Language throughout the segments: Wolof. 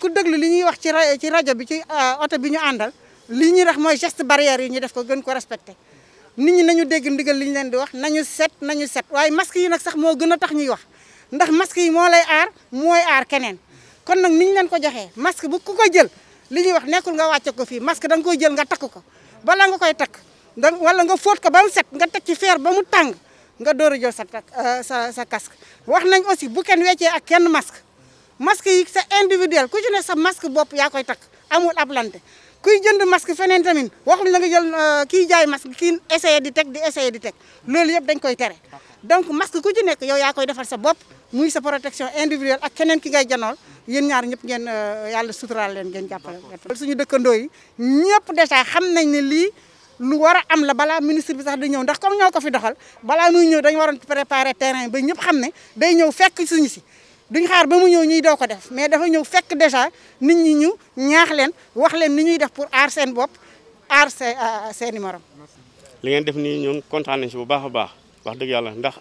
ku déglu li ñuy wax ci ci rajo bi ci ah, oto bi ñu àndal li ñuy wax mooy geste barrière yi ñu def ko gën ko respecté nit ñi nañu dégg ndigal li ñu leen di wax nañu set nañu set waaye masque yi nag sax moo gën a tax ñuy wax ndax masque yi moo lay aar mooy aar keneen kon nag ni ñu leen ko joxee masque bu ku ko jël li ñuy wax nekkul nga wàcce ko fii masque koy jël nga ko bala nga koy wala nga ko ba set nga ci ba mu nga door a jël sa eh, sa sa casque wax nañ aussi bu ken wéccé ak ken masque masque yi sa individuel ku ci ne sa masque bop ya koy tak amul ablante kuy jënd masque fenen tamine waxuñ la nga jël eh, ki jaay masque ki essayer di tek di essayer di tek lool yépp dañ koy téré donc masque ku ci nekk yow ya koy défar sa bop muy sa protection individuelle ak kenen ki ngay jënal yeen ñaar ñëpp ngeen eh, yalla sutural leen ngeen jappal suñu dëkkandoo yi ñëpp déjà xam nañ ne lii lu war a am la balaa ministre bi sax di ñëw ndax comme ñoo ko fi doxal balaa muy ñëw dañu waroon préparer terrain ba ñëpp xam ne day ñëw fekk suñu si duñ xaar ba mu ñëw ñuy doo ko def mais dafa ñëw fekk déjà nit ñi ñu ñaax leen wax leen ni ñuy def pour aar seen bopp aar seen seen i li ngeen def nii ñoom kontaan nañ si bu baax a baax wax dëgg yàlla ndax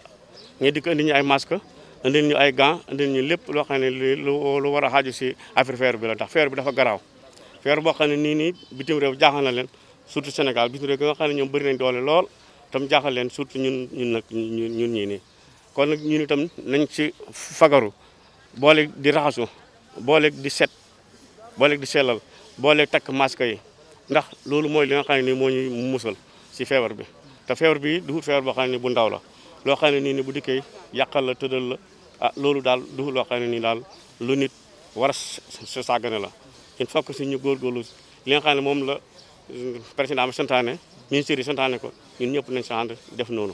ngeen dikk ko indi ñu ay masque indi ñu ay gants indi ñu lépp loo xam ne lu war a xaaju si affaire bi la ndax feer bi dafa garaaw feer boo xam ne nii nii bitim réew jaaxal na leen. surtout Sénégal bis rek nga xam ñom bari nañ doole lool tam jaxal leen surtout ñun ñun nak ñun ñi ni kon nak ñun itam nañ ci fagaru boole di raxasu boole di set boole di sellal boole tak masque yi ndax loolu moy li nga xam moy ñuy musal si feebar bi te fièvre bi du fièvre bo xam bu ndaw la lo xam ni ni bu dikkee yakal la teudal la ah loolu dal du lo xam ni dal lu nit war sa sagane la il faut que si ñu góorgóorlu li nga mom la Euh, président bi santaane ministère yi santaane ko ñun ñëpp nañ si ànd def noonu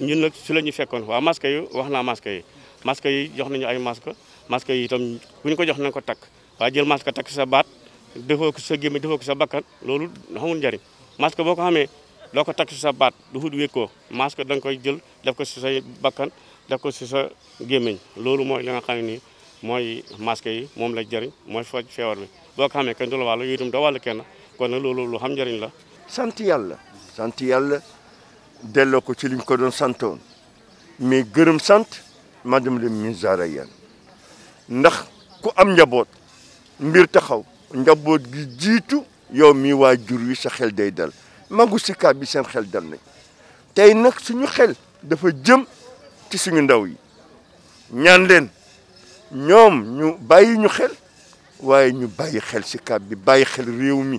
ñun na si la ñu fekkoon waaw masque yi wax naa masque yi masque yi jox nañu ay masque masque yi itam bu ñu ko jox nañ ko takk waa jël masque takk sa baat defoo sa gémmiñ defoo ko sa bakkan loolu xamul njariñ masque boo ko xamee doo ko takk si sa baat du xut wékkoo masque da nga koy jël def ko si sa bakkan def ko si sa gémmiñ loolu mooy li nga xam ne nii mooy masque yi moom la jariñ mooy faj feewar bi boo ko xamee kenn du la wàllu yow itam doo wàllu kenn kon nag loolu lu xam njëriñ la. sant yàlla sant yàlla delo ko ci lim ko don santoon mais geureum sant madame le ministre Zahra ndax ku am njabot mbir taxaw njabot gi jitu yow mi waa jur wi sa xel day dal magu ci ka bi sen xel dal nañ tay nak suñu xel dafa jëm ci suñu ndaw yi ñaan len ñom ñu bàyyi ñu xel waye ñu bàyyi xel ci Sicap bi bàyyi xel réew mi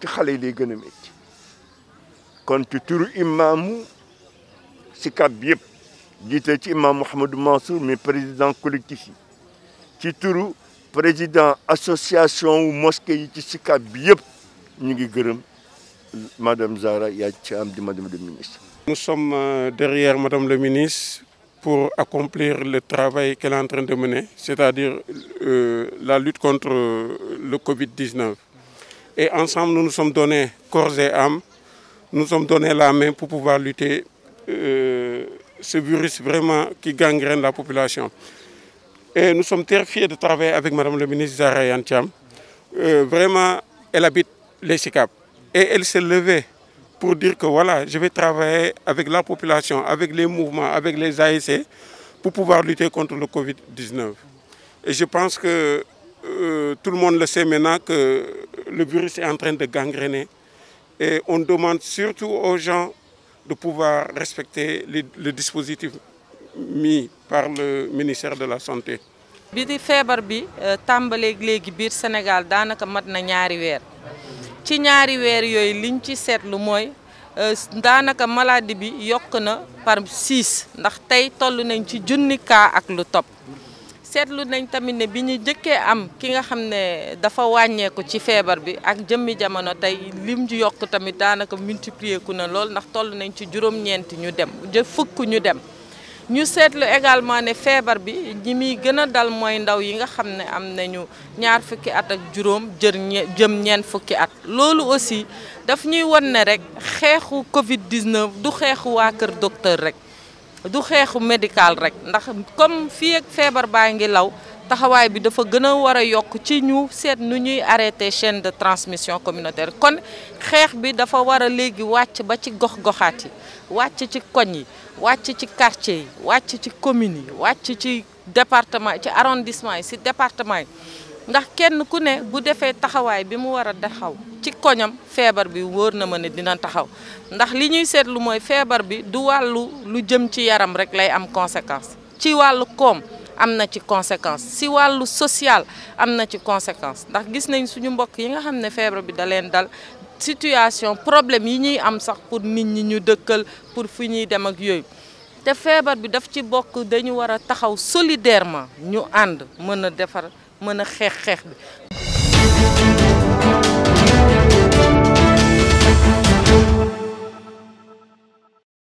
ci xale yi lay gën a tu kon ci turu imaamu Sicap ci imam Mohamed Mansour mi président collectif Tu ci turu président association wu mosquée yi ci Sicap bi yëpp ñu ngi gërëm madame Zahra Iyane di madame le ministre. nous sommes euh, derrière madame le ministre. pour accomplir le travail qu'elle est en train de mener, c'est-à-dire euh, la lutte contre euh, le Covid-19. Et ensemble, nous nous sommes donnés corps et âme, nous nous sommes donnés la main pour pouvoir lutter euh, ce virus vraiment qui gangrène la population. Et nous sommes très fiers de travailler avec Madame le ministre Zahra Yantiam. Euh, vraiment, elle habite les CICAP. Et elle s'est levée pour dire que voilà, je vais travailler avec la population, avec les mouvements, avec les AEC, pour pouvoir lutter contre le Covid-19. Et je pense que euh, tout le monde le sait maintenant que le virus est en train de gangréner. Et on demande surtout aux gens de pouvoir respecter le dispositif mis par le ministère de la Santé. bi di feebar bi euh, tambalé léegi biir Sénégal dans mat na ñaari weer ci ñaari weer yoy liñ ci dans moy euh, danaka maladie bi yokk na par six ndax tay tollu nañ ci junni cas ak lu top. seetlu nañ tamit ne bi ñu jëkkee am ki nga xam ne dafa wàññeeku ci feebar bi ak jëmmi jamono tey lim ju yokk tamit daanaka multiplier na lool ndax toll nañ ci juróom-ñeenti ñu dem jë fukk ñu dem. ñu seetlu également ne feebar bi ñi muy gën a dal mooy ndaw yi nga xam ne am nañu ñaar fukki at ak juróom jër ñeent fukki at. loolu aussi dafa ñuy won ne rek xeexu Covid 19 du xeexu waa kër docteur rek. du xeexu médical rek ndax comme fii ak feebar baa ngi law taxawaay bi dafa gën a war a yokk ci ñu seet nu ñuy arrêté chaîne de transmission communautaire kon xeex bi dafa war a léegi wàcc ba ci gox-goxaat yi wàcc ci koñ yi wàcc ci quartier yi wàcc ci commune yi wàcc ci département ci arrondissement yi si département yi ndax kenn ku ne bu defee taxawaay bi mu war a taxaw ci koñam feebar bi wóor na ma ne dina taxaw ndax li ñuy seetlu mooy feebar bi du wàllu lu jëm ci yaram rek lay am conséquence ci wàllu koom am na ci conséquence si wàllu social am na ci conséquence ndax gis nañ suñu mbokk yi nga xam ne feebar bi da leen dal situation problème yi ñuy am sax pour nit ñi ñu dëkkal pour fi ñuy dem ak yooyu te feebar bi daf ci bokk dañu war a taxaw solidairement ñu ànd mën a defar mën a xeex xeex bi